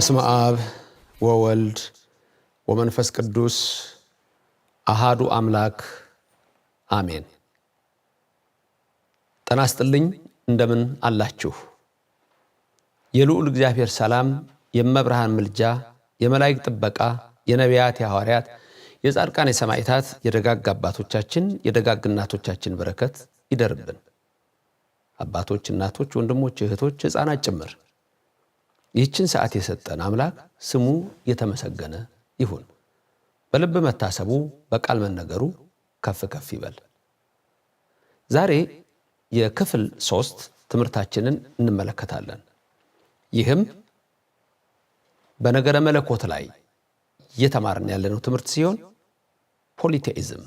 በስመ አብ ወወልድ ወመንፈስ ቅዱስ አሃዱ አምላክ አሜን። ጤና ይስጥልኝ። እንደምን አላችሁ? የልዑል እግዚአብሔር ሰላም፣ የመብርሃን ምልጃ፣ የመላእክት ጥበቃ፣ የነቢያት፣ የሐዋርያት፣ የጻድቃን፣ የሰማዕታት፣ የደጋግ አባቶቻችን፣ የደጋግ እናቶቻችን በረከት ይደርብን። አባቶች፣ እናቶች፣ ወንድሞች፣ እህቶች፣ ሕፃናት ጭምር ይህችን ሰዓት የሰጠን አምላክ ስሙ የተመሰገነ ይሁን። በልብ መታሰቡ በቃል መነገሩ ከፍ ከፍ ይበል። ዛሬ የክፍል ሶስት ትምህርታችንን እንመለከታለን። ይህም በነገረ መለኮት ላይ እየተማርን ያለነው ትምህርት ሲሆን ፖሊቴኢዝም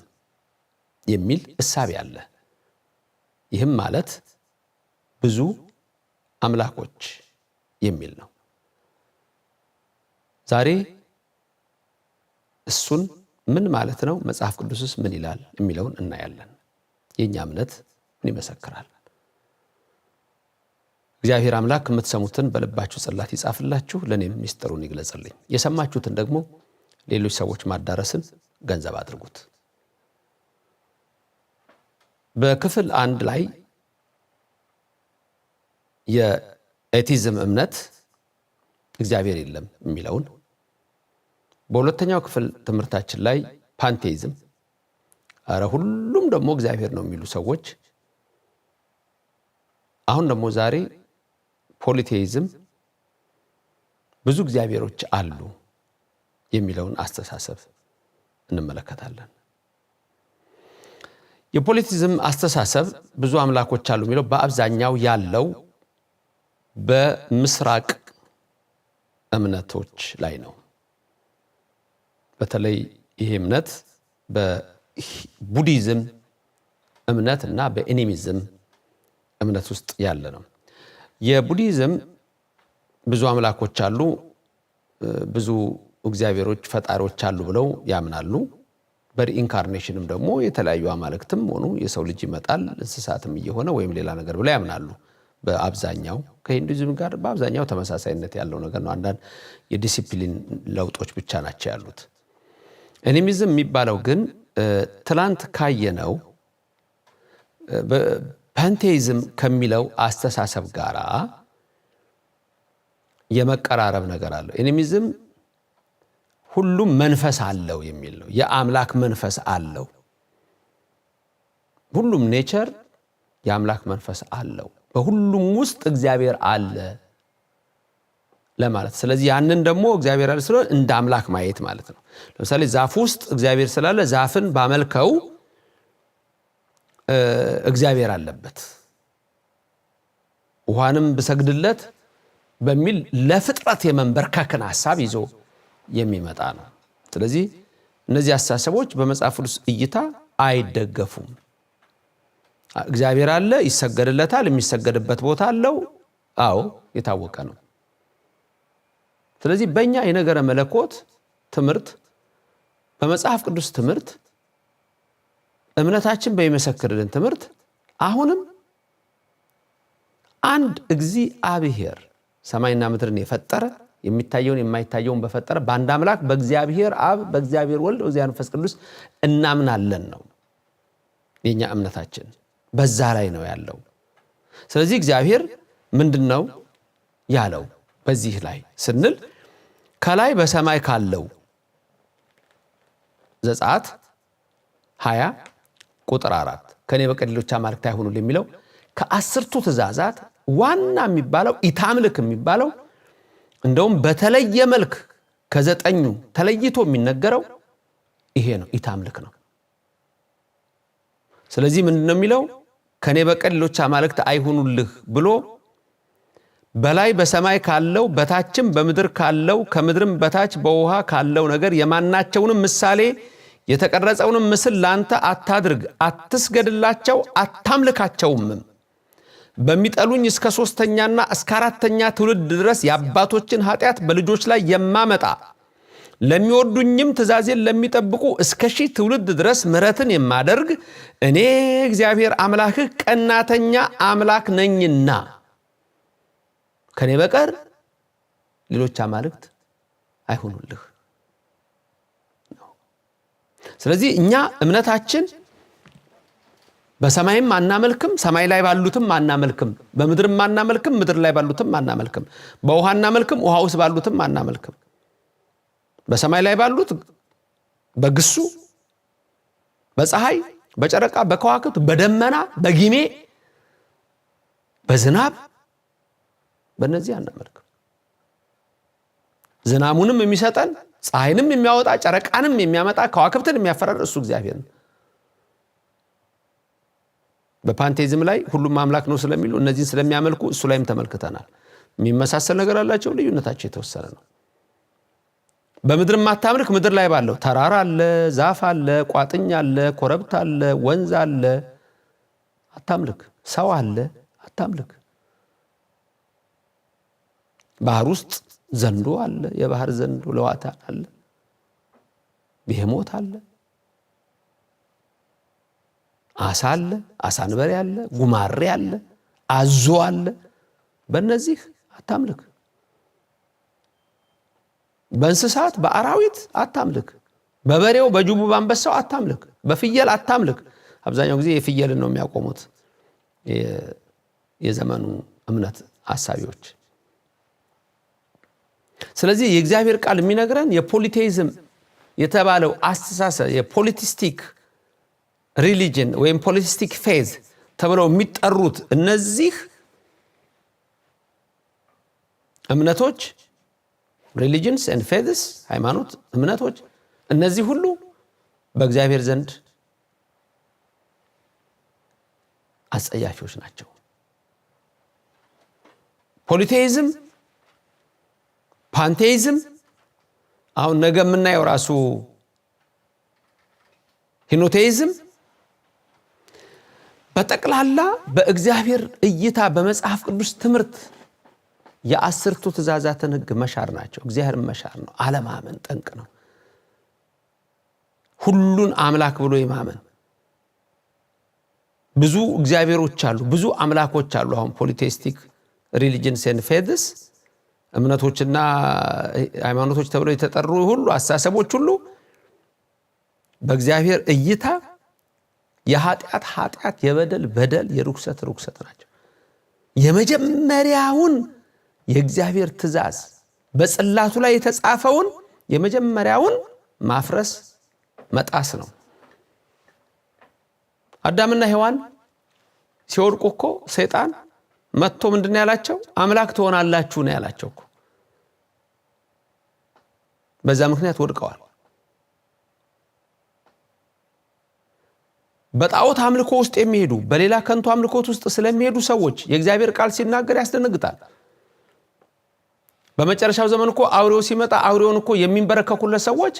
የሚል እሳቤ አለ። ይህም ማለት ብዙ አምላኮች የሚል ነው። ዛሬ እሱን ምን ማለት ነው፣ መጽሐፍ ቅዱስስ ምን ይላል የሚለውን እናያለን። የእኛ እምነት ምን ይመሰክራል? እግዚአብሔር አምላክ የምትሰሙትን በልባችሁ ጽላት ይጻፍላችሁ፣ ለእኔም ሚስጥሩን ይግለጽልኝ። የሰማችሁትን ደግሞ ሌሎች ሰዎች ማዳረስን ገንዘብ አድርጉት። በክፍል አንድ ላይ የኤቲዝም እምነት እግዚአብሔር የለም የሚለውን በሁለተኛው ክፍል ትምህርታችን ላይ ፓንቴይዝም፣ አረ ሁሉም ደግሞ እግዚአብሔር ነው የሚሉ ሰዎች፣ አሁን ደግሞ ዛሬ ፖሊቴይዝም ብዙ እግዚአብሔሮች አሉ የሚለውን አስተሳሰብ እንመለከታለን። የፖሊቲዝም አስተሳሰብ ብዙ አምላኮች አሉ የሚለው በአብዛኛው ያለው በምስራቅ እምነቶች ላይ ነው። በተለይ ይሄ እምነት በቡዲዝም እምነት እና በኤኒሚዝም እምነት ውስጥ ያለ ነው። የቡዲዝም ብዙ አምላኮች አሉ፣ ብዙ እግዚአብሔሮች ፈጣሪዎች አሉ ብለው ያምናሉ። በሪኢንካርኔሽንም ደግሞ የተለያዩ አማልክትም ሆኑ የሰው ልጅ ይመጣል እንስሳትም እየሆነ ወይም ሌላ ነገር ብለው ያምናሉ። በአብዛኛው ከሂንዱዝም ጋር በአብዛኛው ተመሳሳይነት ያለው ነገር ነው። አንዳንድ የዲሲፕሊን ለውጦች ብቻ ናቸው ያሉት። ኤኒሚዝም የሚባለው ግን ትላንት ካየነው ፓንቴይዝም ከሚለው አስተሳሰብ ጋር የመቀራረብ ነገር አለው። ኤኒሚዝም ሁሉም መንፈስ አለው የሚል ነው። የአምላክ መንፈስ አለው። ሁሉም ኔቸር የአምላክ መንፈስ አለው። በሁሉም ውስጥ እግዚአብሔር አለ ለማለት ስለዚህ ያንን ደግሞ እግዚአብሔር አለ ስለሆነ እንደ አምላክ ማየት ማለት ነው። ለምሳሌ ዛፍ ውስጥ እግዚአብሔር ስላለ ዛፍን ባመልከው እግዚአብሔር አለበት፣ ውሃንም ብሰግድለት በሚል ለፍጥረት የመንበርከክን ሀሳብ ይዞ የሚመጣ ነው። ስለዚህ እነዚህ አስተሳሰቦች በመጽሐፍ ቅዱስ እይታ አይደገፉም። እግዚአብሔር አለ፣ ይሰገድለታል፣ የሚሰገድበት ቦታ አለው። አዎ የታወቀ ነው። ስለዚህ በእኛ የነገረ መለኮት ትምህርት በመጽሐፍ ቅዱስ ትምህርት እምነታችን በሚመሰክርልን ትምህርት አሁንም አንድ እግዚአብሔር ሰማይና ምድርን የፈጠረ የሚታየውን የማይታየውን በፈጠረ በአንድ አምላክ በእግዚአብሔር አብ በእግዚአብሔር ወልድ በእግዚአብሔር መንፈስ ቅዱስ እናምናለን ነው የእኛ እምነታችን። በዛ ላይ ነው ያለው። ስለዚህ እግዚአብሔር ምንድን ነው ያለው በዚህ ላይ ስንል ከላይ በሰማይ ካለው ዘጻት 20 ቁጥር 4 ከኔ በቀር ሌሎች አማልክት አይሁኑልህ የሚለው ከአስርቱ ትእዛዛት ዋና የሚባለው ኢታምልክ የሚባለው እንደውም በተለየ መልክ ከዘጠኙ ተለይቶ የሚነገረው ይሄ ነው፣ ኢታምልክ ነው። ስለዚህ ምንድን ነው የሚለው ከኔ በቀር ሌሎች አማልክት አይሁኑልህ ብሎ በላይ በሰማይ ካለው በታችም በምድር ካለው ከምድርም በታች በውሃ ካለው ነገር የማናቸውንም ምሳሌ የተቀረጸውንም ምስል ላንተ አታድርግ፣ አትስገድላቸው፣ አታምልካቸውም። በሚጠሉኝ እስከ ሦስተኛና እስከ አራተኛ ትውልድ ድረስ የአባቶችን ኃጢአት በልጆች ላይ የማመጣ ለሚወዱኝም ትእዛዜን ለሚጠብቁ እስከ ሺህ ትውልድ ድረስ ምሕረትን የማደርግ እኔ እግዚአብሔር አምላክህ ቀናተኛ አምላክ ነኝና ከኔ በቀር ሌሎች አማልክት አይሆኑልህ። ስለዚህ እኛ እምነታችን በሰማይም አናመልክም፣ ሰማይ ላይ ባሉትም አናመልክም፣ በምድርም አናመልክም፣ ምድር ላይ ባሉትም አናመልክም፣ በውሃ አናመልክም፣ ውሃ ውስጥ ባሉትም አናመልክም። በሰማይ ላይ ባሉት በግሱ፣ በፀሐይ፣ በጨረቃ፣ በከዋክብት፣ በደመና፣ በጊሜ፣ በዝናብ በእነዚህ አናመልክም። ዝናሙንም የሚሰጠን ፀሐይንም የሚያወጣ ጨረቃንም የሚያመጣ ከዋክብትን የሚያፈራር እሱ እግዚአብሔር ነው። በፓንቴዝም ላይ ሁሉም አምላክ ነው ስለሚሉ እነዚህን ስለሚያመልኩ እሱ ላይም ተመልክተናል። የሚመሳሰል ነገር አላቸው፣ ልዩነታቸው የተወሰነ ነው። በምድር ማታምልክ ምድር ላይ ባለው ተራራ አለ፣ ዛፍ አለ፣ ቋጥኝ አለ፣ ኮረብታ አለ፣ ወንዝ አለ፣ አታምልክ። ሰው አለ፣ አታምልክ። ባህር ውስጥ ዘንዶ አለ፣ የባህር ዘንዶ ለዋታን አለ፣ ብሄሞት አለ፣ አሳ አለ፣ አሳንበሬ አለ፣ ጉማሬ አለ፣ አዞ አለ። በእነዚህ አታምልክ። በእንስሳት በአራዊት አታምልክ። በበሬው በጅቡ ባንበሳው አታምልክ። በፍየል አታምልክ። አብዛኛው ጊዜ የፍየልን ነው የሚያቆሙት የዘመኑ እምነት አሳቢዎች። ስለዚህ የእግዚአብሔር ቃል የሚነግረን የፖሊቴይዝም የተባለው አስተሳሰብ የፖሊቲስቲክ ሪሊጅን ወይም ፖሊቲስቲክ ፌዝ ተብለው የሚጠሩት እነዚህ እምነቶች ሪሊጅንስ ን ፌዝስ ሃይማኖት፣ እምነቶች እነዚህ ሁሉ በእግዚአብሔር ዘንድ አጸያፊዎች ናቸው። ፖሊቴይዝም ፓንቴይዝም አሁን ነገ የምናየው ራሱ ሂኖቴይዝም በጠቅላላ በእግዚአብሔር እይታ በመጽሐፍ ቅዱስ ትምህርት የአስርቱ ትእዛዛትን ህግ መሻር ናቸው። እግዚአብሔር መሻር ነው። አለማመን ጠንቅ ነው። ሁሉን አምላክ ብሎ የማመን ብዙ እግዚአብሔሮች አሉ፣ ብዙ አምላኮች አሉ። አሁን ፖሊቴስቲክ ሪሊጅንስ ኤንድ እምነቶችና ሃይማኖቶች ተብለው የተጠሩ ሁሉ አስተሳሰቦች ሁሉ በእግዚአብሔር እይታ የኃጢአት ኃጢአት፣ የበደል በደል፣ የርኩሰት ርኩሰት ናቸው። የመጀመሪያውን የእግዚአብሔር ትእዛዝ በጽላቱ ላይ የተጻፈውን የመጀመሪያውን ማፍረስ መጣስ ነው። አዳምና ሔዋን ሲወድቁ እኮ ሰይጣን መጥቶ ምንድን ያላቸው አምላክ ትሆናላችሁ ነው ያላቸው እኮ። በዛ ምክንያት ወድቀዋል። በጣዖት አምልኮ ውስጥ የሚሄዱ በሌላ ከንቱ አምልኮት ውስጥ ስለሚሄዱ ሰዎች የእግዚአብሔር ቃል ሲናገር ያስደነግጣል። በመጨረሻው ዘመን እኮ አውሬው ሲመጣ አውሬውን እኮ የሚንበረከኩለት ሰዎች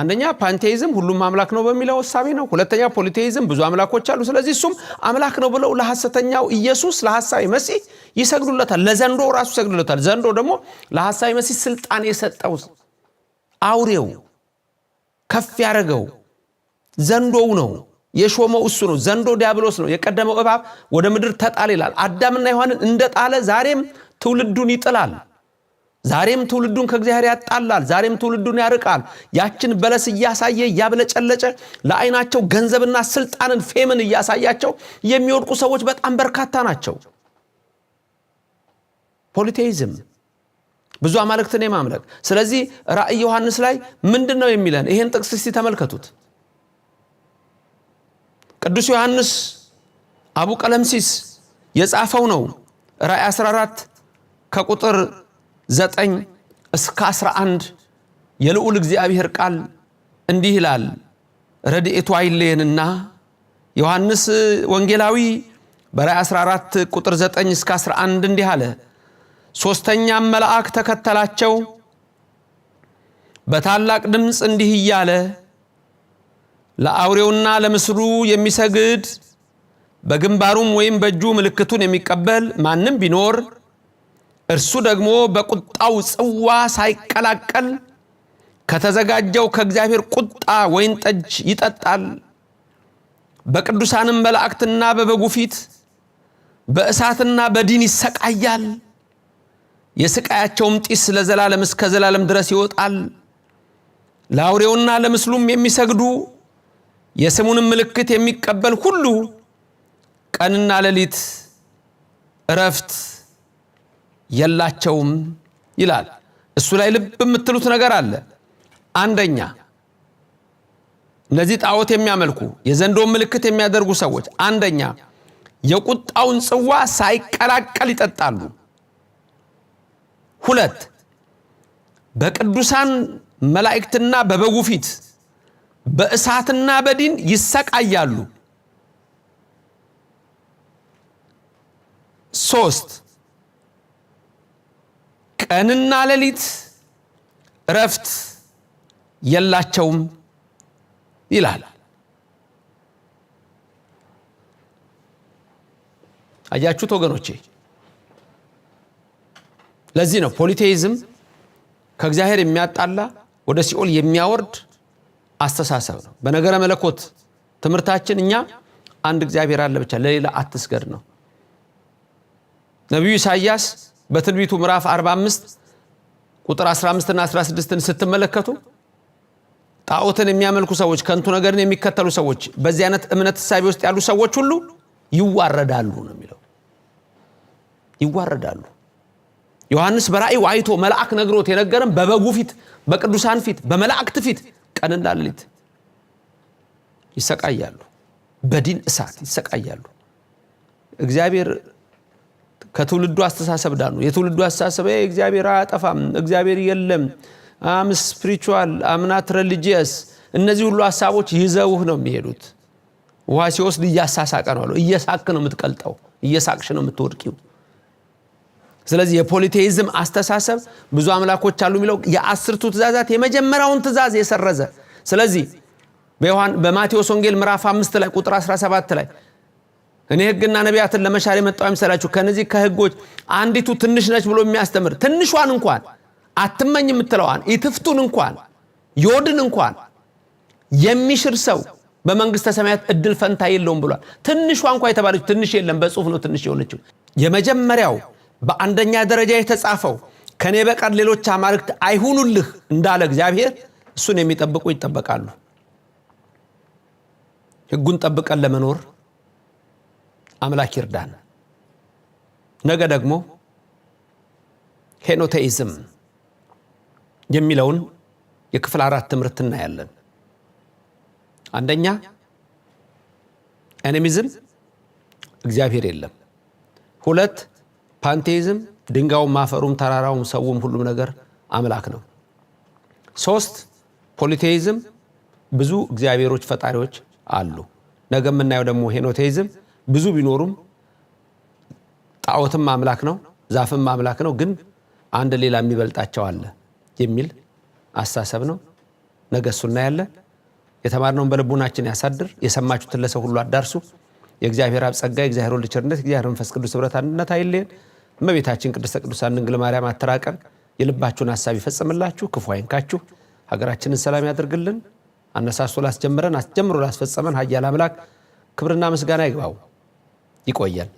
አንደኛ ፓንቴይዝም ሁሉም አምላክ ነው በሚለው ሀሳቤ ነው። ሁለተኛ ፖሊቴይዝም ብዙ አምላኮች አሉ፣ ስለዚህ እሱም አምላክ ነው ብለው ለሐሰተኛው ኢየሱስ ለሐሳዊ መሲህ ይሰግዱለታል። ለዘንዶ ራሱ ይሰግዱለታል። ዘንዶ ደግሞ ለሐሳዊ መሲህ ስልጣን የሰጠው አውሬው ከፍ ያደረገው ዘንዶው ነው የሾመው እሱ ነው። ዘንዶ ዲያብሎስ ነው። የቀደመው እባብ ወደ ምድር ተጣል ይላል። አዳምና ሔዋንን እንደጣለ ዛሬም ትውልዱን ይጥላል። ዛሬም ትውልዱን ከእግዚአብሔር ያጣላል። ዛሬም ትውልዱን ያርቃል። ያችን በለስ እያሳየ እያብለጨለጨ ለአይናቸው ገንዘብና ስልጣንን፣ ፌምን እያሳያቸው የሚወድቁ ሰዎች በጣም በርካታ ናቸው። ፖሊቴይዝም ብዙ አማልክትን የማምለክ ስለዚህ ራእይ ዮሐንስ ላይ ምንድን ነው የሚለን? ይሄን ጥቅስ እስቲ ተመልከቱት። ቅዱስ ዮሐንስ አቡ ቀለምሲስ የጻፈው ነው። ራእይ 14 ከቁጥር ዘጠኝ እስከ አስራ አንድ የልዑል እግዚአብሔር ቃል እንዲህ ይላል። ረድኤቱ አይለየንና ዮሐንስ ወንጌላዊ በራእይ 14 ቁጥር 9 እስከ 11 እንዲህ አለ። ሦስተኛም መልአክ ተከተላቸው በታላቅ ድምፅ እንዲህ እያለ ለአውሬውና ለምስሉ የሚሰግድ በግንባሩም ወይም በእጁ ምልክቱን የሚቀበል ማንም ቢኖር እርሱ ደግሞ በቁጣው ጽዋ ሳይቀላቀል ከተዘጋጀው ከእግዚአብሔር ቁጣ ወይን ጠጅ ይጠጣል። በቅዱሳንም መላእክትና በበጉ ፊት በእሳትና በዲን ይሰቃያል። የስቃያቸውም ጢስ ለዘላለም እስከ ዘላለም ድረስ ይወጣል። ለአውሬውና ለምስሉም የሚሰግዱ የስሙንም ምልክት የሚቀበል ሁሉ ቀንና ሌሊት እረፍት የላቸውም ይላል። እሱ ላይ ልብ የምትሉት ነገር አለ። አንደኛ እነዚህ ጣዖት የሚያመልኩ የዘንዶ ምልክት የሚያደርጉ ሰዎች አንደኛ የቁጣውን ጽዋ ሳይቀላቀል ይጠጣሉ። ሁለት በቅዱሳን መላእክትና በበጉ ፊት በእሳትና በዲን ይሰቃያሉ። ሶስት ቀንና ሌሊት እረፍት የላቸውም ይላል። አያችሁት ወገኖቼ፣ ለዚህ ነው ፖሊቴይዝም ከእግዚአብሔር የሚያጣላ ወደ ሲኦል የሚያወርድ አስተሳሰብ ነው። በነገረ መለኮት ትምህርታችን እኛ አንድ እግዚአብሔር አለ ብቻ ለሌላ አትስገድ ነው። ነቢዩ ኢሳይያስ በትንቢቱ ምዕራፍ 45 ቁጥር 15 እና 16ን ስትመለከቱ ጣዖትን የሚያመልኩ ሰዎች፣ ከንቱ ነገርን የሚከተሉ ሰዎች፣ በዚህ አይነት እምነት እሳቤ ውስጥ ያሉ ሰዎች ሁሉ ይዋረዳሉ ነው የሚለው። ይዋረዳሉ። ዮሐንስ በራእዩ አይቶ መልአክ ነግሮት የነገረም በበጉ ፊት፣ በቅዱሳን ፊት፣ በመላእክት ፊት ቀንና ሌሊት ይሰቃያሉ። በዲን እሳት ይሰቃያሉ። እግዚአብሔር ከትውልዱ አስተሳሰብ ዳኑ። የትውልዱ አስተሳሰብ እግዚአብሔር አያጠፋም፣ እግዚአብሔር የለም፣ አም ስፕሪቹዋል አምናት ሬሊጂየስ እነዚህ ሁሉ ሀሳቦች ይዘውህ ነው የሚሄዱት። ውሃ ሲወስድ እያሳሳቀ ነው አለው። እየሳክ ነው የምትቀልጠው፣ እየሳቅሽ ነው የምትወድቂው። ስለዚህ የፖሊቴይዝም አስተሳሰብ ብዙ አምላኮች አሉ የሚለው የአስርቱ ትእዛዛት የመጀመሪያውን ትእዛዝ የሰረዘ ስለዚህ በማቴዎስ ወንጌል ምዕራፍ አምስት ላይ ቁጥር 17 ላይ እኔ ህግና ነቢያትን ለመሻር የመጣው አይምሰላችሁ። ከነዚህ ከህጎች አንዲቱ ትንሽ ነች ብሎ የሚያስተምር ትንሿን እንኳን አትመኝ የምትለዋን ኢትፍቱን እንኳን ዮድን እንኳን የሚሽር ሰው በመንግስተ ሰማያት እድል ፈንታ የለውም ብሏል። ትንሿ እንኳ የተባለች ትንሽ የለም፣ በጽሁፍ ነው ትንሽ የሆነችው። የመጀመሪያው በአንደኛ ደረጃ የተጻፈው ከኔ በቀር ሌሎች አማልክት አይሁኑልህ እንዳለ እግዚአብሔር እሱን የሚጠብቁ ይጠበቃሉ። ህጉን ጠብቀን ለመኖር አምላክ ይርዳን። ነገ ደግሞ ሄኖቴይዝም የሚለውን የክፍል አራት ትምህርት እናያለን። አንደኛ ኤኒሚዝም እግዚአብሔር የለም። ሁለት ፓንቴይዝም ድንጋዩም፣ ማፈሩም፣ ተራራውም፣ ሰውም ሁሉም ነገር አምላክ ነው። ሶስት ፖሊቴይዝም ብዙ እግዚአብሔሮች ፈጣሪዎች አሉ። ነገ የምናየው ደግሞ ሄኖቴይዝም ብዙ ቢኖሩም ጣዖትም አምላክ ነው፣ ዛፍም አምላክ ነው፣ ግን አንድ ሌላ የሚበልጣቸው አለ የሚል አስተሳሰብ ነው። ነገ ያለ እናያለን። የተማርነውን በልቡናችን ያሳድር። የሰማችሁትን ለሰው ሁሉ አዳርሱ። የእግዚአብሔር አብ ጸጋ፣ የእግዚአብሔር ወልድ ቸርነት፣ የእግዚአብሔር መንፈስ ቅዱስ ኅብረት አንድነት አይለየን። እመቤታችን ቅድስተ ቅዱሳን ድንግል ማርያም አተራቀን የልባችሁን ሀሳብ ይፈጽምላችሁ፣ ክፉ አይንካችሁ፣ ሀገራችንን ሰላም ያድርግልን። አነሳስቶ ላስጀምረን አስጀምሮ ላስፈጸመን ኃያል አምላክ ክብርና ምስጋና ይግባው። ይቆያል።